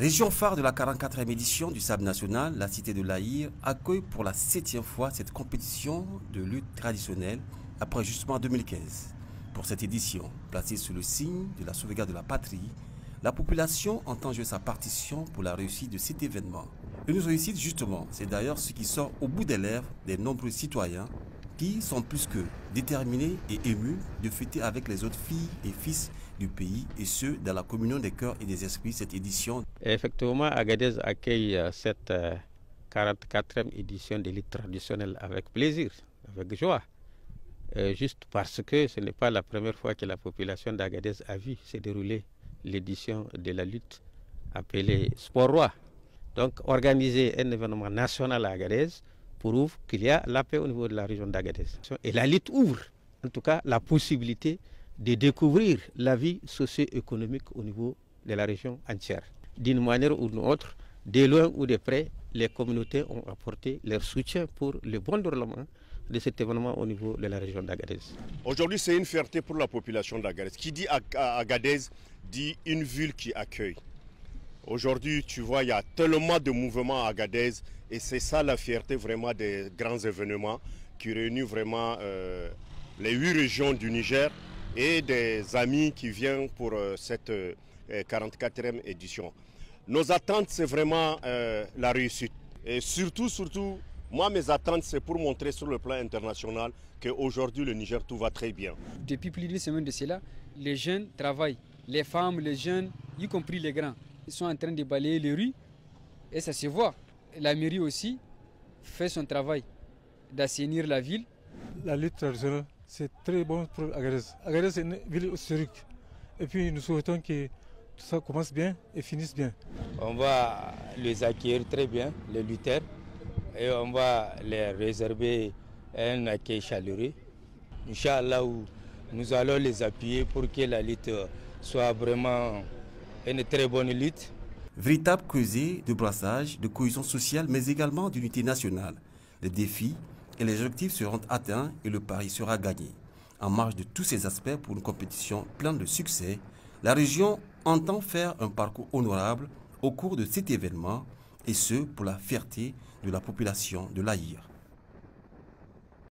Région phare de la 44e édition du SAB National, la cité de l'Aïr accueille pour la septième fois cette compétition de lutte traditionnelle après justement 2015. Pour cette édition, placée sous le signe de la sauvegarde de la patrie, la population entend jouer sa partition pour la réussite de cet événement. Une réussite justement, c'est d'ailleurs ce qui sort au bout des lèvres des nombreux citoyens qui sont plus que déterminés et émus de fêter avec les autres filles et fils du pays et ceux dans la communion des cœurs et des esprits, cette édition. Effectivement, Agadez accueille euh, cette 44e euh, édition de l'île traditionnelle avec plaisir, avec joie. Euh, juste parce que ce n'est pas la première fois que la population d'Agadez a vu se dérouler l'édition de la lutte appelée Sport Roi. Donc organiser un événement national à Agadez, prouve qu'il y a la paix au niveau de la région d'Agadez. Et la lutte ouvre, en tout cas, la possibilité de découvrir la vie socio-économique au niveau de la région entière. D'une manière ou d'une autre, de loin ou de près, les communautés ont apporté leur soutien pour le bon déroulement de cet événement au niveau de la région d'Agadez. Aujourd'hui, c'est une fierté pour la population d'Agadez. Qui dit Agadez dit une ville qui accueille. Aujourd'hui, tu vois, il y a tellement de mouvements à Agadez et c'est ça la fierté vraiment des grands événements qui réunissent vraiment euh, les huit régions du Niger et des amis qui viennent pour euh, cette 44e euh, édition. Nos attentes, c'est vraiment la réussite. Et surtout, surtout, moi, mes attentes, c'est pour montrer sur le plan international qu'aujourd'hui, le Niger, tout va très bien. Depuis plus d'une semaine de cela, les jeunes travaillent, les femmes, les jeunes, y compris les grands. Ils sont en train de balayer les rues et ça se voit. La mairie aussi fait son travail d'assainir la ville. La lutte traditionnelle, c'est très bon pour Agadez. Agadez, est une ville historique. Et puis nous souhaitons que tout ça commence bien et finisse bien. On va les accueillir très bien, les lutteurs, et on va les réserver un accueil chaleureux. Inch'Allah, nous allons les appuyer pour que la lutte soit vraiment une très bonne Véritable causée de brassage, de cohésion sociale, mais également d'unité nationale. Les défis et les objectifs seront atteints et le pari sera gagné. En marge de tous ces aspects pour une compétition pleine de succès, la région entend faire un parcours honorable au cours de cet événement, et ce pour la fierté de la population de l'Aïr.